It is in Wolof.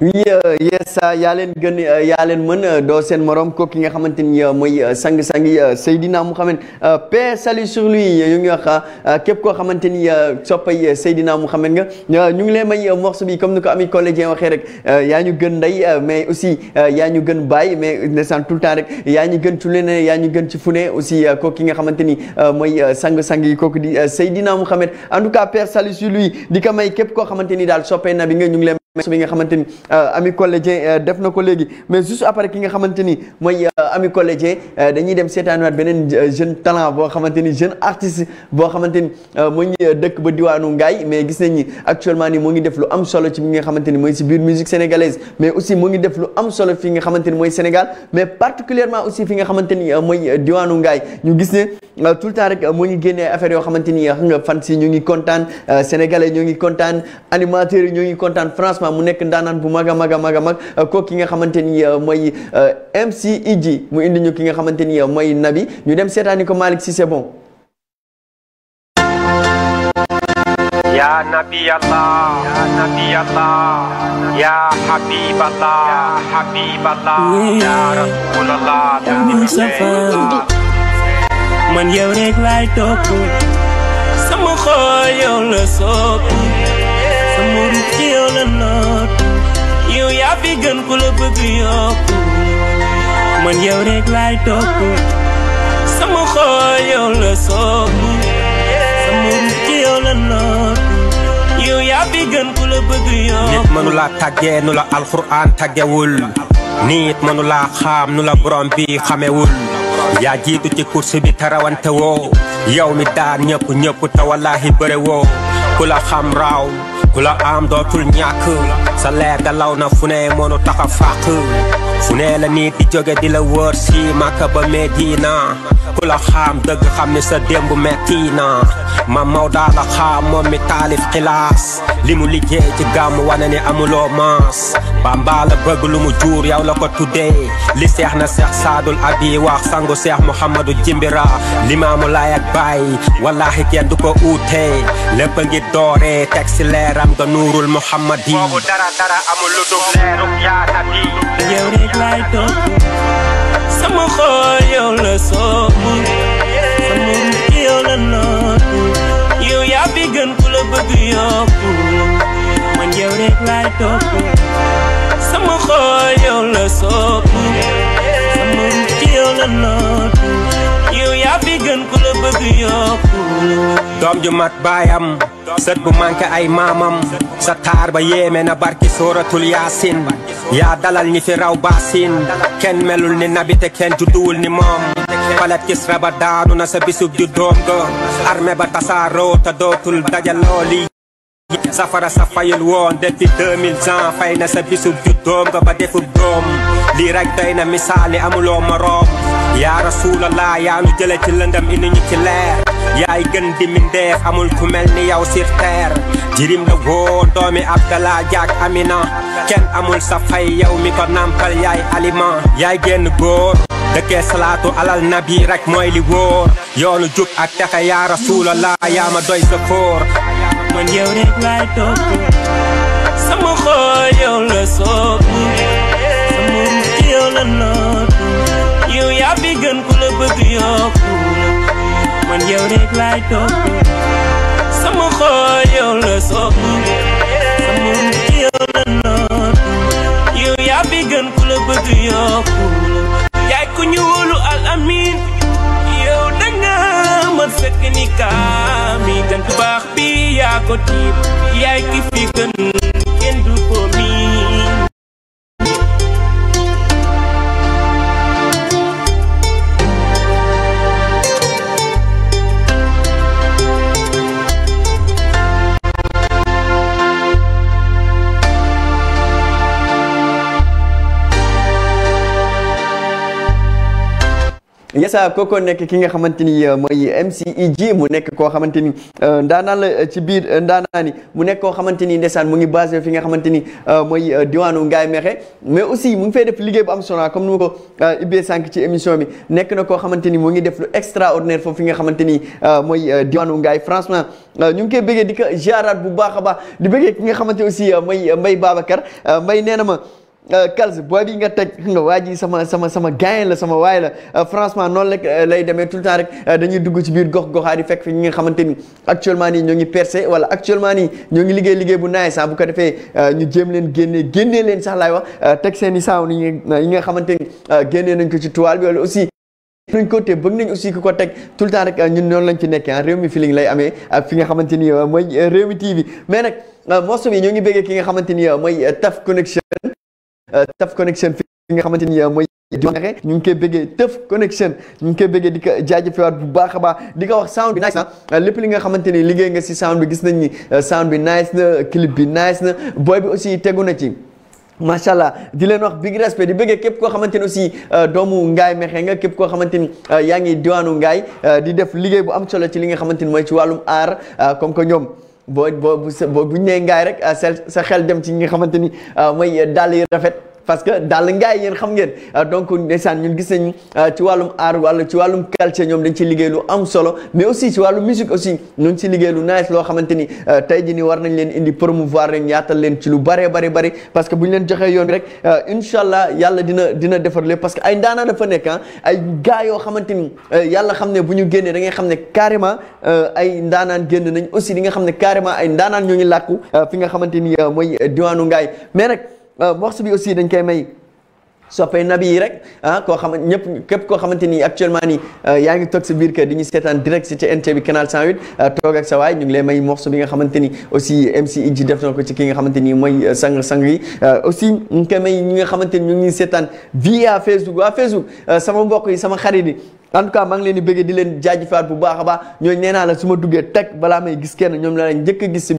oui euh, yes euh, yaa leen gën euh, yaa leen mën doo seen morom ko ki nga xamante ni mooy sang-sang yi Seydina Mouhamed paix salut sur lui ñu ngi wax képp koo xamante ni soppay Seydina Mouhamed nga ñu ngi leen may morceau comme ni ko ami collégien waxee rek yaa ñu gën ndey mais aussi yaa ñu gën baay mais ndeysaan tout le temps rek yaa ñu gën ci lu yaa ñu gën ci fu ne aussi ko ki nga xamante ni mooy sang-sang yi kooku di Seydina Mouhamed en tout cas paix salut sur lui di ko may képp koo xamante ni daal soppee na bi nga ñu leen mais bi nga euh, Ami Collé defno euh, def na ko léegi mais juste après ki nga euh, Ami Collé Dieng dañuy dem seetaaniwaat benen jeune talent boo xamante jen jeune artiste boo xamante ni mu ngi dëkk ba diwaanu Ngaye mais gis nañ ni actuellement ni ngi def lu am solo ci bi nga xamante ni mooy si biir musique sénégalaise mais aussi mo ngi def lu am solo fi nga xamante ni mooy Sénégal mais particulièrement aussi fi nga xamante ni mooy diwaanu Ngaye ñu gis ne tout le temps rek mu ngi génnee affaire yoo xamante nga fan si ñu ngi kontaan sénégalais ñu ngi kontaan animateurs ñu ngi kontaan franchement lancement eh, eh, eh, e mu nekk ndaanaan bu mag a mag a mag a mag ko ki nga xamante ni MC Idji mu indi ñu ki nga xamante ni Nabi ñu dem seetaani ko Malick si c'est bon يا نبي الله يا نبي الله يا حبيب الله يا حبيب الله يا رسول الله يا مصطفى من يوريك لاي توكو سمو خول يولو سوكو fi gën ku la bëgg yokku man yow rek laay topp sama xool yow la sama yow la yow yaa fi gën ku la bëgg nit laa tàggee nu la tàggewul nit laa xaam nu la borom bi xamewul yaa jiitu ci course bi tarawante woo yow mi daan ñëpp ñëpp te bëre woo ku la xam raaw ku la am dootul ñàkk sa leer ga law na fu ne mënu tax a fàq ne la nit di jóge di la wër si Makka ba Medina ku la xam dëgg xam ni sa démb metti na maam Maoda la xaa moom mi taalif xilaas li mu liggéey ci gàmm wane ne amuloo maas Bamba la bëgg lu mu juur yow la ko tuddee li seex na seex saadul abi wax sangu seex Muhammadu Jimbira limaamu laay ak bàyyi wallaahi kenn du ko uutee lépp ngi dooree teg si leeram nga nuurul Muhammad yi boobu dara dara amul lu dul leeruk yaa nabi yow rek laay topp laay topp sama xool yow la sopp doom ju baayam sët bu manqué ay maamam sa taar ba yéeme na barki sooratul yaasin yaa dalal ñi fi raw baasin kenn melul ni nabi te kenn judduwul ni moom palet Kisra ba daanu na sa bisub ju doom ga armée ba tasaaroo te dootul dajaloo lii safara sa fayul woon depuis 2000 ans fay na sa bisub juddoom nga ba defub doom lii rek doy na misaali amuloo ya yaa rasulallah yaa nu jële ci lëndam indi ñu ci leer yaay gën di mindeef amul ku mel ni yow sur terre jirim la woo domi abdallah jaak amina ken amul sa fay yow mi ko nàmpal yaay aliment yaay génn góor dëkkee salaatu alal nabi rek mooy li wóor yoonu jub ak texe yaa rasulallah ya ma doy sa fóor man you're laay up, sama xol yow la sopp sama ruux la nootu yow yaa fi gën ku la man yow có keep Dạy yesa kooko nekk ki nga xamante ni euh, mooy MCEG mu nekk koo xamante ni euh, ndaanaan la euh, ci biir ndaanaan yi mu nekk koo xamante ni ndeysaan mu ngi basé fi nga xamante ni mooy diwaanu Ngaye Mexe mais aussi mu ngi fay def liggéey bu am solo comme ni ma ko ubbee sànq ci émission bi nekk na koo xamante ni mu ngi def lu extraordinaire foofu fi nga xamante ni mooy diwaanu Ngaye franchement ñu ngi koy bëggee di ko jaaraat bu baax a baax di bëggee ki nga xamante aussi mooy Mbaye Babacar Mbaye nee na ma Euh, Kals booy bi nga teg nga waa ji sama la waay la euh, franchement noonu la euh, lay demee tout temps rek dañuy dugg ci biir gox goxaa di fekk fi ñi nga xamante ni actuellement nii ñoo ngi percé wala actuellement nii ñoo ngi liggéey liggéey bu naay ah, sax bu ko defee ñu jéem leen génnee génnee leen sax laay wax teg seen i saaw ni ñi nga xamante ni génnee nañ ko ci toile bi wala aussi nañ ko te bëgg nañ aussi ku ko teg tout le temps rek ñun noonu lañ ci nekkee ah réew mi feeling lay amee ak fi nga xamante ni mooy réew mi TV mais nag morceau bi ñoo ngi bëggee ki nga xamante ni mooy Taf Connection Euh, taf connection fi nga xamante ni euh, mooy diwaanare ñu ngi koy bëggee tëf connection ñu koy bëggee di ko jaajëfewaat bu baax baax di ko wax sound bi nice na euh, lépp li nga xamante ni liggéey nga si sound bi gis nañ ni sound bi nice na clip bi nice na boy bi aussi tegu na ci macha allah di leen wax big di bëggee képp koo xamante ni aussi doomu ngaay mexe nga képp koo xamante ni yaa ngi diwaanu ngaay di def liggéey bu am solo ci li nga xamante ni mooy ci wàllum aar comme que ñoom bo bo bo sa boo bu ñu nee ngaay rek sa sa xel dem ci ñi nga xamante ni mooy dàll yi rafet parce que daal ngaay yéen xam ngeen euh, donc ndeysaan ñun gis nañu euh, ci wàllum art wala ci wàllum culture ñoom dañ ci liggéey lu am solo mais aussi ci wàllum musique aussi ñu ngi ci liggéey lu nice loo xamante ni euh, tey jii war nañ leen indi promouvoir leen yaatal leen ci lu bare bare bare parce que bu ñu leen joxee yoon bi rek yàlla dina dina defar lépp parce que ay ndaanaa dafa nekk ah ay gars yoo xamante ni yàlla xam ne bu ñu génnee da ngay xam ne carrément ay ndaanaan génn nañ aussi di nga xam ne carrément ay ndaanaan ñoo ngi làkku fi nga xamante ni mooy diwaanu ngaay mais bourse euh, bi aussi dañ koy may soppee nabi yi rek ah koo xam ñëpp képp koo xamante ni actuellement ni euh, yaa ngi toog si biir kër di ñu seetaan direct ci TNT bi canal 108 euh, toog ak sa waay ñu ngi may morceau bi nga xamante ni aussi MC Idji def na ko ci ki nga xamante ni mooy sang sang yi aussi ñu koy may ñi nga xamante ni ñu ngi seetaan via Facebook waa Facebook sama mbokk yi sama xarit yi en tout cas maa ngi leen di bëggee di leen jaajëfaat bu baax a baax ñooñu nee naa la su ma duggee teg balaa may gis kenn ñoom la njëkk a gis